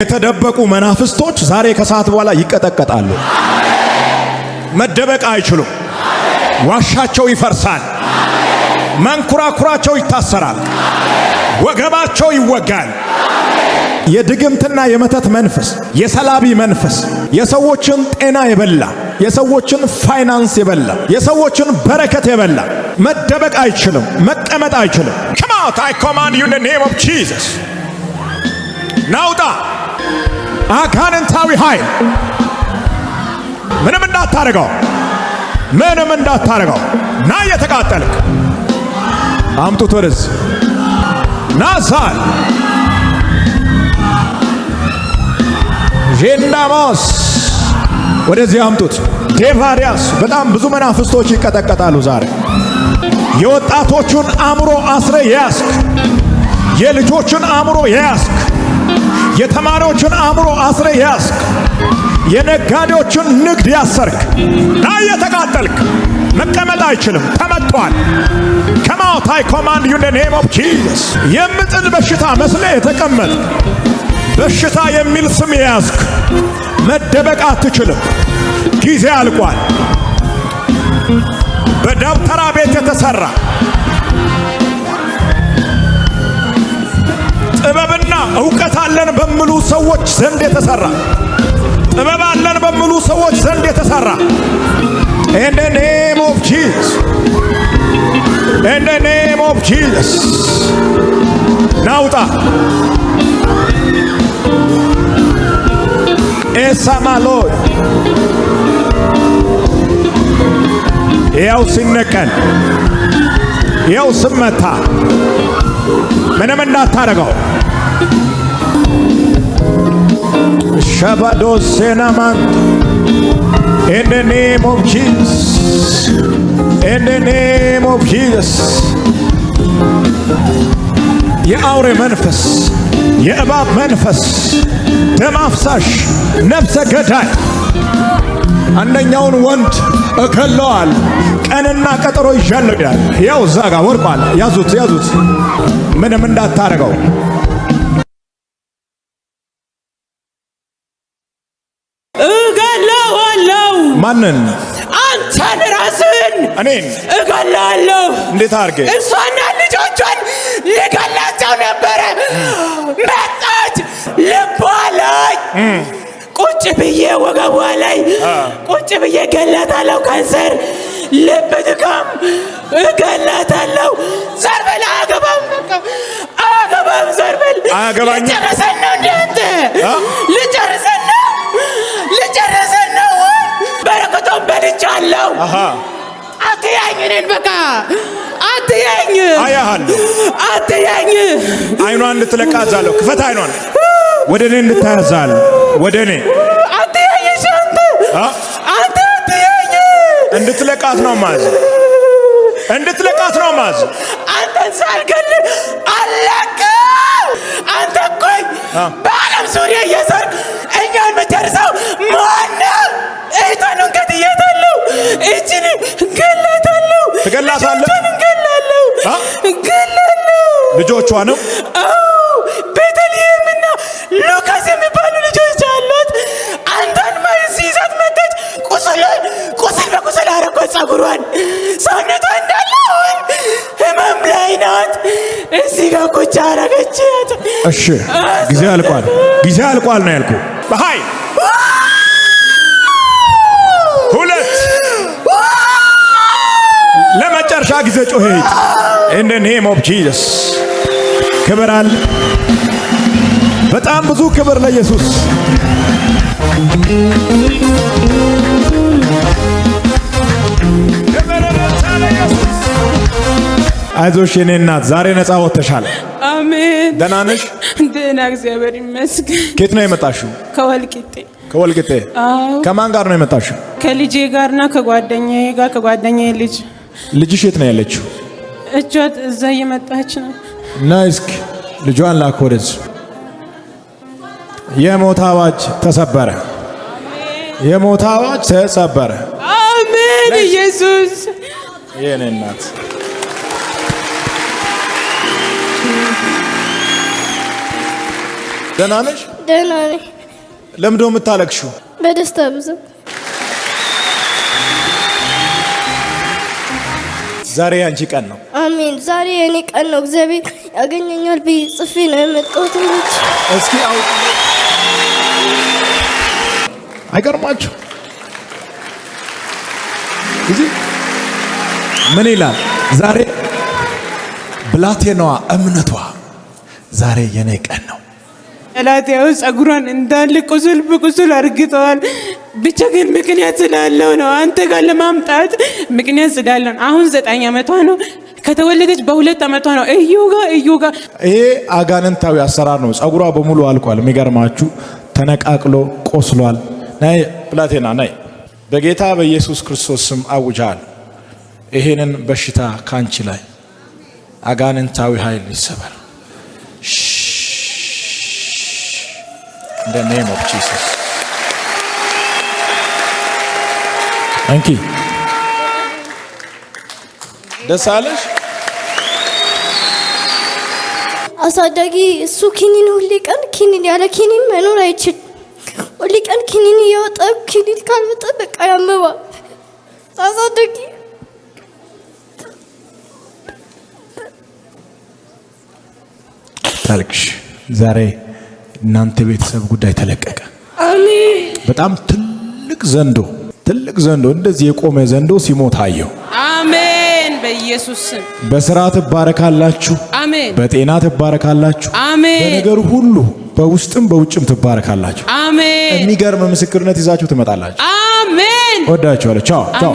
የተደበቁ መናፍስቶች ዛሬ ከሰዓት በኋላ ይቀጠቀጣሉ። መደበቅ አይችሉም። ዋሻቸው ይፈርሳል። መንኩራኩራቸው ይታሰራል። ወገባቸው ይወጋል። የድግምትና የመተት መንፈስ፣ የሰላቢ መንፈስ የሰዎችን ጤና የበላ የሰዎችን ፋይናንስ የበላ የሰዎችን በረከት የበላ መደበቅ አይችልም። መቀመጥ አይችልም። ከማውት አይ ኮማንድ ዩ ኢን ኔም ኦፍ ጂሰስ ናውጣ አጋንንታዊ ኃይል ምንም እንዳታረገው፣ ምንም እንዳታረገው። ና እየተቃጠልክ አምጡት ወደዝ ና ሳል ዤንዳማስ ወደዚህ አምጡት። ዴቫሪያስ በጣም ብዙ መናፍስቶች ይቀጠቀጣሉ ዛሬ። የወጣቶቹን አእምሮ አስረ የያስክ የልጆቹን አእምሮ የያስክ የተማሪዎቹን አእምሮ አስረ ያስክ፣ የነጋዴዎቹን ንግድ ያሰርክ ና የተቃጠልክ መቀመጥ አይችልም። ተመጥቷል። ከማውት አይ ኮማንድ ዩ ኔም ኦፍ ጂዘስ። የምጥል በሽታ መስለ የተቀመጥ በሽታ የሚል ስም የያዝክ መደበቅ አትችልም። ጊዜ አልቋል። በደብተራ ቤት የተሠራ ጥበብና እውቀት አለን በሚሉ ሰዎች ዘንድ የተሰራ ጥበብ አለን በሚሉ ሰዎች ዘንድ የተሰራ ኢን ዘ ኔም ኦፍ ጂዘስ ኢን ዘ ኔም ኦፍ ጂዘስ ናውጣ ኤሳማሎይ ያው ሲነቀል ያው ስመታ ምንም እንዳታረገው። ሸባዶ ሴናማን In the name of Jesus. In the name of Jesus. የአውሬ መንፈስ፣ የእባብ መንፈስ፣ ደም አፍሳሽ፣ ነፍሰ ገዳይ አንደኛውን ወንድ እከለዋል። ቀንና ቀጠሮ ይዣንዳል። ያው እዛ ጋር ወርቋል። ያዙት ያዙት፣ ምንም እንዳታረገው እገለዋለሁ። ማንን? አንተን ራስህን። እኔን እገላለሁ። እንዴት አርጌ? እሷና ልጆቿን ልገላቸው ነበረ። መጣች ልባላኝ ቁጭ ብዬ ወገቧ ላይ ቁጭ ብዬ ገላታለሁ። ካንሰር፣ ልብ ድካም ገላታለሁ። ዘር አገባም አገባም ዘር ልጨርሰን ነው እንዲንተ ልጨርሰን ነው ልጨርሰን ነው። በረከቶም በልቻለሁ። አትያኝ ነን በቃ አትያኝ አያሃለሁ አትያኝ አይኗን ልትለቃዛለሁ ክፈት አይኗን ወደ እኔ እንታያዛል። ወደ እኔ እንድትለቃት ነው ማዝ እንድትለቃት ነው ማዝ አንተን ሳልገል አለቀ። አንተ ቆይ በዓለም ዙሪያ እየሰርክ እኛን መጨርሰው ማነ ኤታን እንገድያታለሁ። እችን ገላታለሁ። ትገላታለህ? ገላለሁ ገላለሁ ልጆቿ ነው ጸጉሯን ሰውነቷ እንዳለ ህመም ላይ ናት። እዚህ ጋር ኮቻ አረገች። እሺ ጊዜ አልቋል፣ ጊዜ አልቋል ነው ያልኩ። ሀይ ሁለት ለመጨረሻ ጊዜ ጮሄት እንደ ኔም ኦፍ ጂዘስ ክብር አለ። በጣም ብዙ ክብር ለኢየሱስ አይዞሽ የኔ እናት ዛሬ ነፃ ወጥተሻል። አሜን። ደህና ነሽ? ደህና እግዚአብሔር ይመስገን። ከየት ነው የመጣሽው? ከወልቂጤ። ከወልቂጤ? አዎ። ከማን ጋር ነው የመጣሽው? ከልጄ ጋርና ከጓደኛዬ ጋር ከጓደኛዬ ልጅ። ልጅሽ የት ነው ያለችው? እጇ እዛ እየመጣች ነው። ናይስክ ልጇን ላክ ወደዚህ። የሞት አዋጅ ተሰበረ። የሞት አዋጅ ተሰበረ። አሜን። ኢየሱስ የኔ እናት ደህና ነሽ? ደህና ነኝ። ለምዶ የምታለቅሽው? በደስታ ብዛት። ዛሬ አንቺ ቀን ነው። አሜን። ዛሬ የኔ ቀን ነው። እግዚአብሔር ያገኘኛል ብዬ ጽፌ ነው የመጣሁት። እስኪ አው አይገርማችሁ እዚህ ምን ይላል ዛሬ ብላቴናዋ እምነቷ ዛሬ የኔ ቀን ነው። ጠላቴው ጸጉሯን እንዳለ ቁስል በቁስል አርግተዋል። ብቻ ግን ምክንያት ስላለው ነው አንተ ጋር ለማምጣት ምክንያት ስላለው ነው። አሁን ዘጠኝ ዓመቷ ነው። ከተወለደች በሁለት ዓመቷ ነው። እዩ ጋ እዩ ጋ ይሄ አጋንንታዊ አሰራር ነው። ጸጉሯ በሙሉ አልቋል። የሚገርማችሁ ተነቃቅሎ ቆስሏል። ናይ ብላቴና ናይ፣ በጌታ በኢየሱስ ክርስቶስ ስም አውጃል ይሄንን በሽታ ካንቺ ላይ አጋንንታዊ ኃይል ይሰበር። ደስ አለሽ አሳዳጊ። እሱ ኪኒን ሁሌ ቀን ኪኒን ያለ ኪኒን መኖር አይችል። ሁሌ ቀን ኪኒን እያወጣ ኪኒን ካልወጣ በቃ ያመባ አሳዳጊ አታልቅሽ። ዛሬ እናንተ ቤተሰብ ጉዳይ ተለቀቀ። በጣም ትልቅ ዘንዶ ትልቅ ዘንዶ እንደዚህ የቆመ ዘንዶ ሲሞት አየሁ። አሜን። በኢየሱስ ስም በስራ ትባረካላችሁ። አሜን። በጤና ትባረካላችሁ። አሜን። በነገር ሁሉ በውስጥም በውጭም ትባረካላችሁ። አሜን። የሚገርም ምስክርነት ይዛችሁ ትመጣላችሁ። አሜን። ወዳችኋለሁ። ቻው ቻው።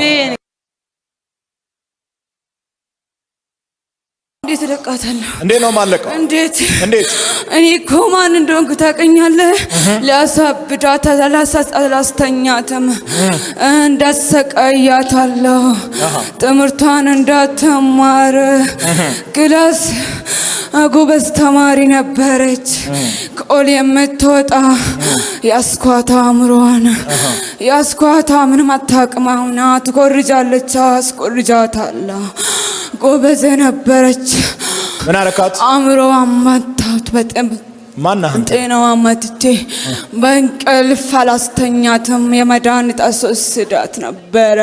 እንዴት እለቃታለሁ? እንዴት ነው ማለቀው? እንዴት እንዴት? እኔ እኮ ማን እንደሆንኩ ታውቀኛለህ። ላሳብዳት፣ አላስተኛትም፣ እንዳሰቃያታለሁ፣ ትምህርቷን እንዳትማር። ክላስ ጎበዝ ተማሪ ነበረች። ከኦል የምትወጣ ያስኳታ፣ አእምሮዋን ያስኳታ፣ ምንም አታውቅም። አሁን ትኮርጃለች፣ አስኮርጃታለሁ ጎበዝ ነበረች። ምን አረካት? አእምሮ አማታት በጣም ማናህን ጤናዋ መትቼ በእንቅልፍ አላስተኛትም። የመድኃኒት አስወስዳት ነበረ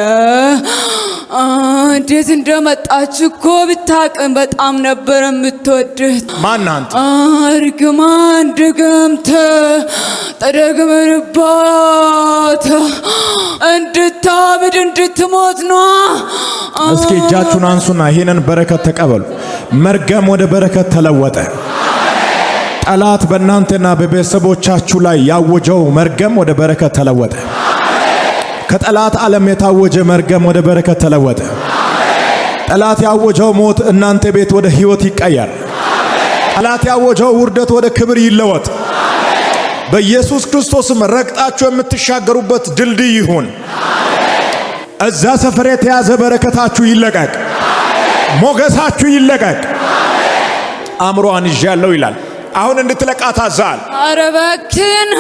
እንዴት እንደመጣች እኮ ብታቅም በጣም ነበረ የምትወድህ። ማናንት እርግማን ድግምት ተደግመንባት እንድታብድ እንድትሞት ነው። እስኪ እጃችሁን አንሱና ይህንን በረከት ተቀበሉ። መርገም ወደ በረከት ተለወጠ። ጠላት በእናንተና በቤተሰቦቻችሁ ላይ ያወጀው መርገም ወደ በረከት ተለወጠ። ከጠላት ዓለም የታወጀ መርገም ወደ በረከት ተለወጠ። ጠላት ያወጀው ሞት እናንተ ቤት ወደ ሕይወት ይቀየር። ጠላት ያወጀው ውርደት ወደ ክብር ይለወጥ። በኢየሱስ ክርስቶስም ረግጣችሁ የምትሻገሩበት ድልድይ ይሁን። እዛ ሰፈር የተያዘ በረከታችሁ ይለቀቅ፣ ሞገሳችሁ ይለቀቅ። አእምሮዋን ይዣለሁ ይላል። አሁን እንድትለቃ ታዛል። ኧረ እባክህን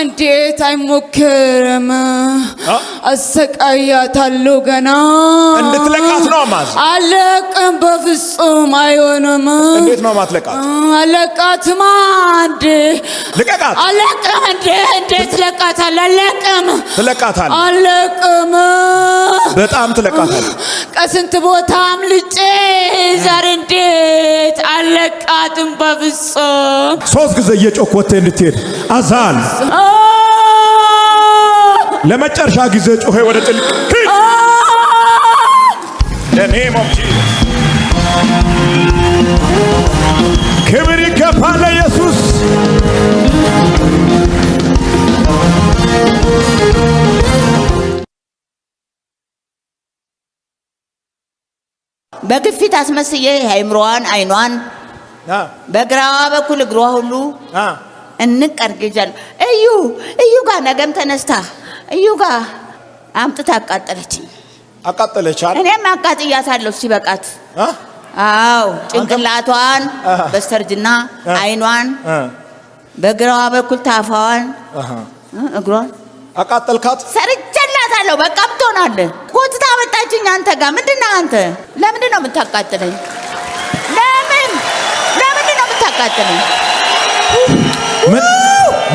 እንዴት አይሞክርም? አሰቃያታለሁ ገና። እንድትለቃት ነው ማዝ። አለቅም፣ በፍጹም አይሆንም። እንዴት ነው ማትለቃት? አለቃትማ እንዴ ልቀቃት። አለቅም እንዴ እንዴት ለቃታል? አለቅም፣ ትለቃታል። አለቅም፣ በጣም ትለቃታል። ከስንት ቦታም ልጬ ዛሬ እንዴት አለቃትም በፍጹም ሶስት ጊዜ እየጮክ ወጥተህ እንድትሄድ አዛል ለመጨረሻ ጊዜ ጮኸ ወደ ጥልቅ ክብር ይገባል ኢየሱስ በግፊት አስመስዬ አይምሮዋን አይኗን በግራዋ በኩል እግሯ ሁሉ እንቅ አድርጌጃለሁ። እዩ እዩ ጋር ነገም ተነስታ እዩ ጋ አምጥታ አቃጠለችኝ። አቃጠለቻል። እኔም አቃጥያታለሁ ሲበቃት። አዎ ጭንቅላቷን በስተርጅና አይኗን፣ በግራዋ በኩል ታፋዋን፣ እግሯን አቃጠልካት። ሰርጀላታለሁ። በቃ ምትሆናለ ጎትታ መጣችኝ። አንተ ጋር ምንድን ነህ አንተ? ለምንድን ነው የምታቃጥለኝ? አታቃጥል።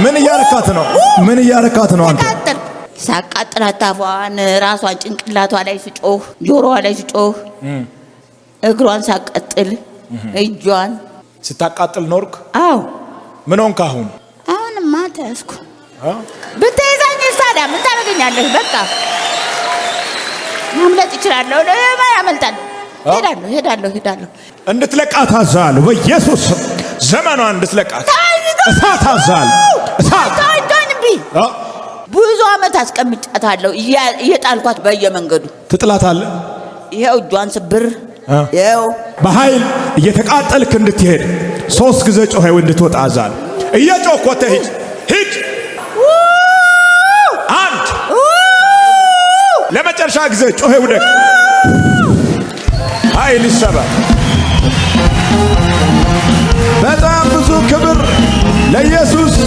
ምን እያረካት ነው? ምን እያረካት ነው አንተ? ሳቃጥላት ታፏን፣ ራሷን፣ ጭንቅላቷ ላይ ስጮህ፣ ጆሮዋ ላይ ስጮህ፣ እግሯን ሳቀጥል እጇን ስታቃጥል ኖርክ? አዎ። ምን ሆንክ አሁን? አሁንማ ተያዝኩ። ብትይዛኝ ሳዳ ምን ታደርገኛለህ? በቃ ማምለጥ ይችላለሁ። ለማ ያመልጣል። ሄዳለሁ፣ ሄዳለሁ፣ ሄዳለሁ። እንድትለቃት አዛለሁ በኢየሱስ ዘመኗን እንድትለቃት እሳት አዛል እሳት ብዙ ዓመት አስቀምጫታለሁ እየጣልኳት በየመንገዱ ትጥላታለህ። ይኸው እጇን ስብር ይኸው በኃይል እየተቃጠልክ እንድትሄድ ሶስት ጊዜ ጮኸው እንድትወጣ አዛል እየጮኮተ ኮተ ሂድ ሂድ። አንድ ለመጨረሻ ጊዜ ጮኸው ደግ ኃይል ይሰበር በጣም ብዙ ክብር ለኢየሱስ